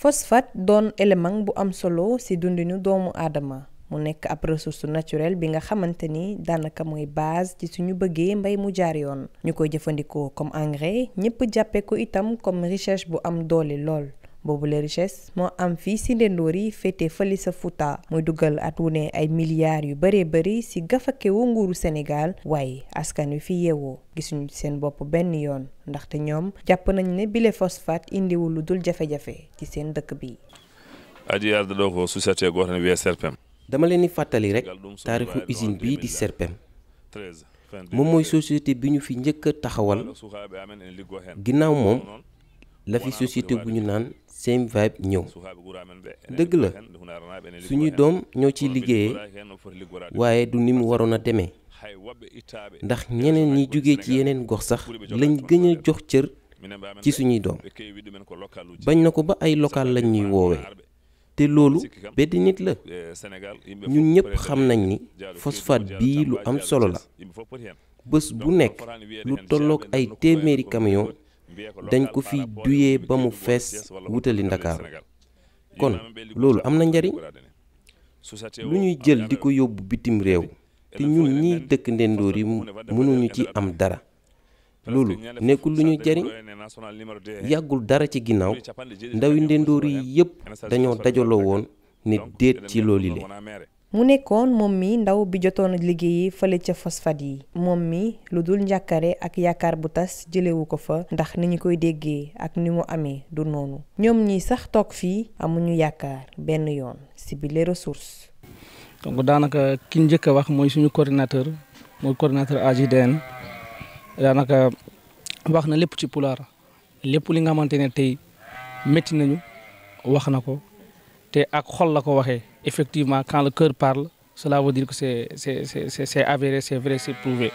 phosphate doon élément bu am solo ci dundinu doomu aadama mu nekk ab ressource naturelle bi nga xamante ni daanaka muy base ci suñu bëggee mbay mu jaar yoon ñu koy jëfandikoo comme engrais ñëpp jàppee ko itam comme recherche bu am dooli lool boobule richesse moo am fii si ndendoor yi féete fële sa Fouta muy dugal at wu ne ay milliards yu bëree bëri si gafakewu nguuru Sénégal waaye askan wi fi yeewoo gisuñu ci seen bopp benn yoon ndaxte ñoom jàpp nañu ne bile phosphate indiwul lu dul jafe-jafe ci seen dëkk bi. aji yarda ɗo ko société goto dama leen di fàttali rek taarixu usine bii di serpem moom mooy société bi ñu fi njëkk a taxawal ginnaaw moom la fi bu ñu naan same vibe ñëw dëgg la suñuy doom ñoo ciy liggéeyee waaye du ni mu waroon a demee ndax ñeneen ñi jóge ci yeneen gox sax lañ gën a jox cër ci suñuy doom bañ na ko ba ay local lañ ñuy woowee te loolu bedd nit la ñun ñëpp xam nañ ni phosphate bii lu am solo la bés bu nekk lu tolloog ay téeméeri camion dañ ko fi duyee ba mu fees wutali ndakaaru kon loolu am na njariñ lu ñuy jël di ko yóbbu bitim réew te ñun ñiy dëkk ndendoor yi mënuñu ci am dara loolu nekkul lu ñu jariñ yàggul dara ci ginnaaw ndawi ndendoor yi yépp dañoo dajaloo woon ne déet ci looli le mu nekkoon moom mi ndaw bi jotoon liggéeyi fële ca phosphate yi moom mi lu dul njàkkare ak yaakaar bu tas jëlewu ko fa ndax ni ñu koy déggee ak ni mu amee du noonu ñoom ñi sax toog fii amuñu yaakaar benn yoon si bile les ressources donc daanaka ki njëkk a wax mooy suñu coordinateur mooy coordinateur AJDN daanaka wax na lépp ci pulaar lépp li nga xamante ne tey métti nañu wax na ko te ak xol la ko waxee effectivement, quand le cœur parle, cela veut dire que c'est avéré, c'est vrai, c'est prouvé.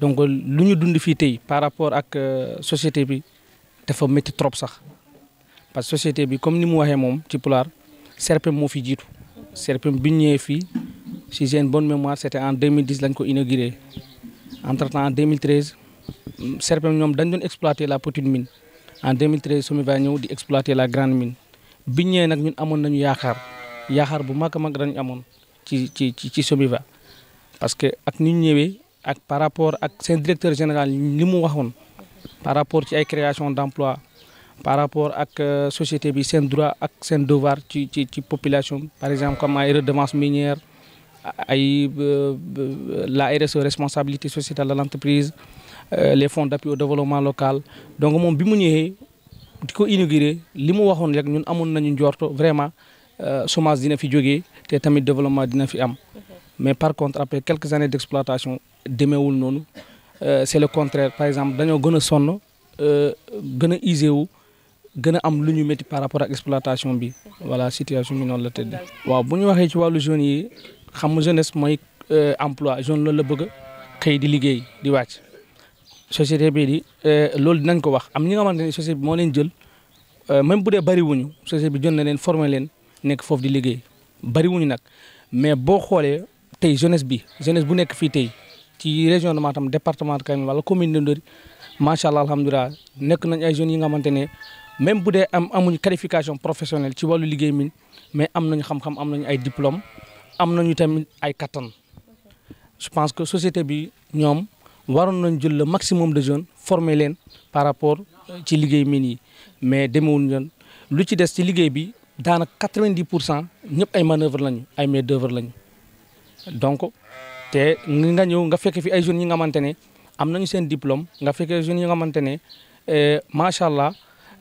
Donc, l'union fii tey par rapport ak la euh, société, il faut mettre trop ça. Parce que la bi comme ni nous l'avons dit, c'est un serpent qui est dit. serpent qui ñëwee fi si j'ai une bonne mémoire, c'était en 2010 ko a inauguré. Entre-temps, en 2013, serpent ñoom dañ doon exploiter la petite mine en 2013 su ma ñëw di exploiter la grande mine bi ñëwee nag ñun amoon nañu yaakaar yaakaar bu mag a mag dañ amoon ci ci ci SOMIVA parce que ak ni ñu ñëwee ak par rapport ak seen directeur général li mu waxoon par rapport ci ay création d'emploi par rapport ak euh, société bi seen droit ak seen devoir ci ci ci population par exemple comme ay redevance minière ay euh, euh, la RSE responsabilité sociétale de l'entreprise les fonds d'appui au développement local donc moom bi mu ñëwee di ko inauguré li mu waxoon rek ñun amoon nañu njorto vraiment Euh, chômage dina fi jógee te tamit développement dina fi am mais par contre après quelques années d' exploitation demeewul noonu euh, c' est le contraire par exemple dañoo gën a sonn euh, gën a usé wu gën a am lu ñu métti par rapport ak exploitation bi voilà situation bi noonu la tëdd waaw bu ñu waxee ci wàllu jeunes yi xam ma jeunesse mooy emploi jeune loolu la bëgg xëy di liggéey di wàcc société bi di loolu dinañ ko wax am ñi nga xamante ne société bi moo leen jël même bu dee bari wuñu société bi jël na leen formé leen nekk foofu di liggéey bariwuñu nag mais boo xoolee tey jeunesse bi jeunesse bu nekk fii tey ci région de Matam département de Kaymel wala commune de Ndory macha allah alhamdulilah nekk nañ ay jeunes yi nga xamante ne même bu dee am amuñu qualification professionnelle ci wàllu liggéey mi mais am nañu xam-xam am nañu ay diplôme am nañu tamit ay kattan je pense que société bi ñoom waroon nañ jël le maximum de jeunes former leen par rapport ci liggéey mine yi mais demewuñu leen lu ci des ci liggéey bi daanaka quatre vingt di pour cent ñëpp ay manœuvre lañu ay main d'œuvre lañu donc te nga ñëw nga fekk fi ay jeunes yi nga xamante ne am nañu seen diplôme nga fekkee jeunes yi nga xamante ne eh, macha allah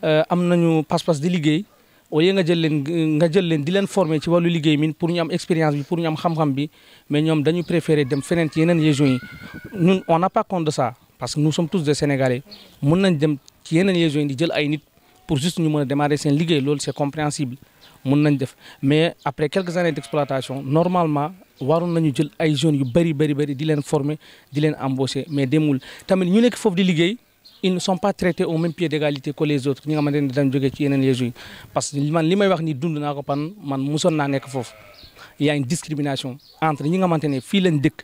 eh, am nañu pas-pas di liggéey au lieu nga jël leen nga jël leen di leen former ci wàllu liggéey min pour ñu am expérience bi pour ñu am xam-xam bi ñu ñoom dañu préférer dem feneen ci yeneen régions yi ñun on n'a pas compte de ça parce que nous sommes tous de sénégalais mun nañ dem ci yeneen régions yi di jël ay nit. pour juste ñu mën a liggéey loolu c'est compréhensible mun nañ def mais après quelques années d'exploitation normalement waroon nañu jël ay jeunes yu bëri bëri di leen former di leen embaucher mais demul tamit ñu nekk foofu di liggéey ils ne sont pas traités au même pied d'égalité que ko pan man musoon y a une discrimination entre ñi nga xamante ne fii lañ dëkk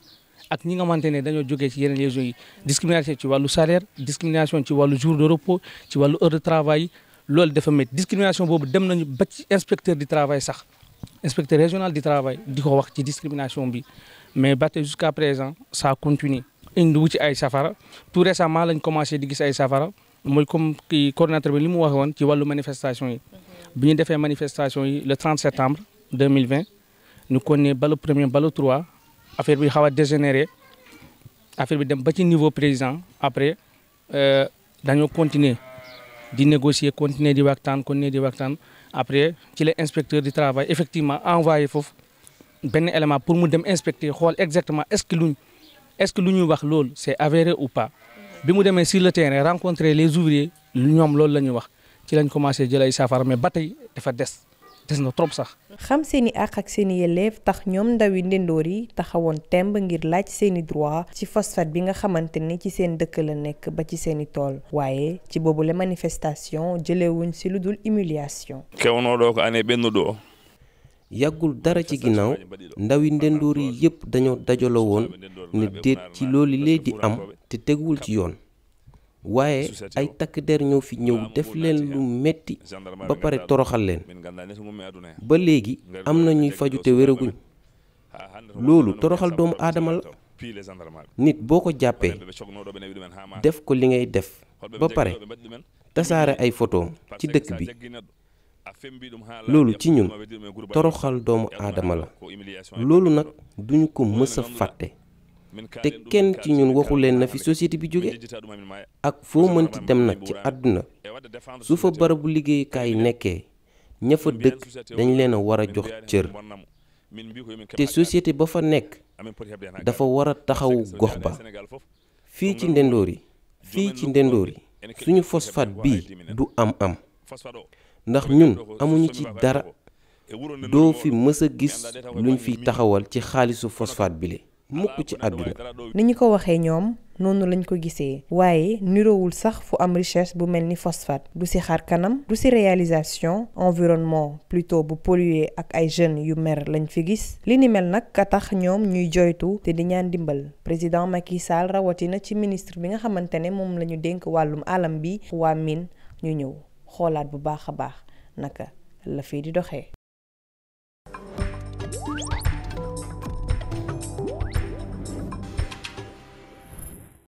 ak ñi nga xamante ne dañoo jógee ci yeneen régions yi discrimination ci wàllu salaire discrimination ci wàllu jour de repos ci wàllu heure de travail loolu dafa métti discrimination boobu dem nañu ba ci inspecteur du travail sax inspecteur régional du travail di ko wax ci discrimination bi mais ba tey jusqu'à présent ça continue. indi ci ay safara tout récemment lañ commencé di gis ay safara mooy comme kii coordinateur bi li mu waxee woon ci wàllu manifestation yi. bi ñu defee manifestation yi le 30 septembre 2020 ñu connaît ba le premier ba le trois affaire bi xaw a dégénéré affaire bi dem ba ci niveau président après euh, dañoo continuer. di négocier continuer di waxtaan continuer di tan après ci la inspecteur du travail effectivement envoyé foofu benn élément pour mu dem inspecter xool exactement est-ce que ce que lu ñuy wax loolu c'est avéré ou pa bi mu demee sur le terrain rencontrer les ouvriers ñoom loolu la ñuy wax ci lañ commencé jël ay saafara mais ba tey dafa des. des na trop sax. xam seen i àq ak seen i tax ñoom ndawi ndendoor yi taxawoon temb ngir laaj seen i droit ci phosphate bi nga xamante ni ci seen dëkk la nekk ba ci seen i tool waaye ci boobu la manifestation jëlewuñ si lu dul humiliation. kewoonoo doo ko année benn doo. yàggul dara ci ginnaaw ndawi ndendoor yi yépp dañoo dajaloo woon ne déet ci loolu lee di am te teguwul ci yoon. waaye ay takk der ñoo fi ñëw def leen lu metti ba pare toroxal leen ba léegi am na ñuy faju te wéraguñ loolu toroxal doomu aadama la nit boo ko jàppee def ko li ngay def ba pare tasaare ay photo ci dëkk bi loolu ci ñun toroxal doomu aadama la loolu nag duñu ko mësa fàtte te kenn ci ñun waxu leen na fi société bi jóge ak foo mënti dem nag ci àdduna su fa barabu liggéeyukaay nekkee ña fa dëkk dañ leen a war a jox cër te société ba fa nekk dafa war a taxawu gox ba fii ci ndendoor yi fii ci ndendoor yi suñu phosphate bii du am-am ndax ñun amuñu ci dara doo fi mës a gis ñu fiy taxawal ci xaalisu phosphate bile. mukk ci àdduna ni ñu ko waxee ñoom noonu lañ ko gisee waaye niroowul sax fu am recherche bu melni ni phosphate du ci xar kanam du ci réalisation environnement plutôt bu pollué ak ay jeunes yu mer lañ fi gis li ni mel nag ka ñoom ñuy joytu te di ñaan dimbal président Macky Sall rawatina ci ministre bi nga xamante ne moom lañu denk wàllum alam bi waa mine ñu ñëw xoolaat bu baax a baax naka la fii di doxee